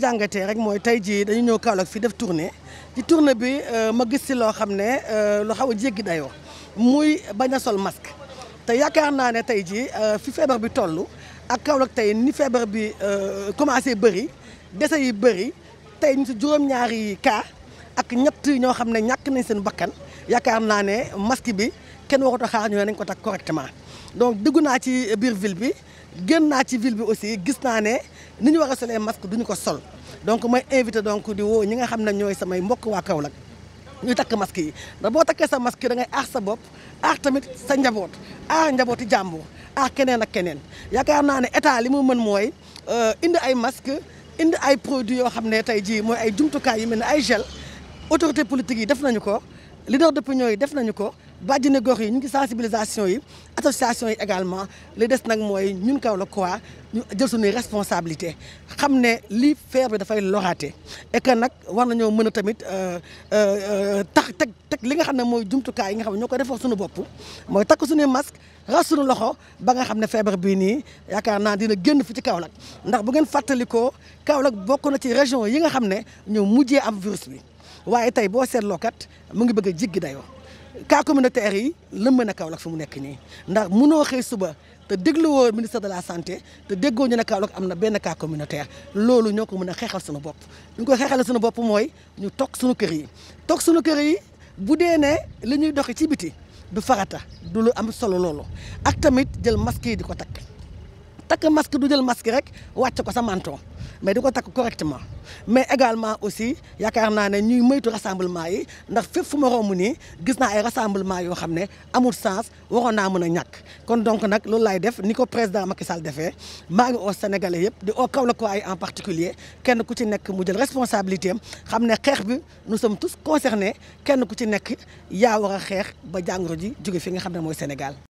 ko rek moy tayji dañu ñëw def tournée ci tourner bi euh, ma gis ci lo xamné euh, muy sol masque te yaakaar naa ne euh, fi fièvre bi tollu ak tay ni fièvre bi commencé ak ñett ñoo xam ne ñàkk nañ seen bakkan yaakaar naa ne masque bi kenn waxut a xaar ñu ne nañ ko takk correctement donc dugg naa ci biir ville bi génn naa ci ville bi aussi gis naa ne ni ñu war a solee masque du ñu ko sol donc mooy invité donc di woo ñi nga xam ne ñooy samay mbokk waa Kaolack ñu takk masque yi ndax boo takkee sa masque dangay ngay aar sa bopp aar tamit sa njaboot aar njabooti jàmbur aar keneen ak keneen yaakaar naa ne état li mu mën mooy euh, indi ay masque indi ay produits yoo xam ne tey jii mooy ay jumtukaay yu mel ne ay gel autorité politique yi def nañu ko leader d'opinion yi def nañu ko bàjjini gox yi ñu ngi sensibilisation yi association yi également li dess nak moy ñun kaw la quoi ñu jël suñu responsabilité xamné li lii feebar bi dafay loraate et que nak war nañu mëna tamit euh euh, euh tak teg teg li nga xamné moy jumtu jumtukaay yi nga xamné ñoko ñoo suñu bop moy tak suñu masque raxas suñu loxo ba nga xamné fièvre bi ni nii yaakaar dina génn fi ci Kaolack ndax bu ngeen fàttalikoo Kaolack bokk na ci région yi nga xamné ñu mujjé am virus bi waaye tey boo seetloo kat mu ngi bëgg a jiggi dayoo cas communautaire yi lëmb na Kaolack fu mu nekk nii ndax munoo xëy suba te woo ministre de la santé te déggoo ñu ne Kaolack am na benn ka communautaire loolu ñoo ko mën a xeexal suñu bopp ñu ko xeexale suñu bopp mooy ñu toog suñu kër yi toog suñu kër yi bu dee ne li ñuy doxi ci biti du farata du lu am solo loolu ak tamit jël masque yi di ko takk takk masque du jël masque rek wàcc ko sa manton mais correctement mais également aussi il y ne ñuy rassemblement yi ndax nous gis n'ont ay rassemblement sens donc nous sommes président Macky Sall nous au Sénégalais au en particulier kenn ku ci responsabilité nous sommes tous concernés kenn Sénégal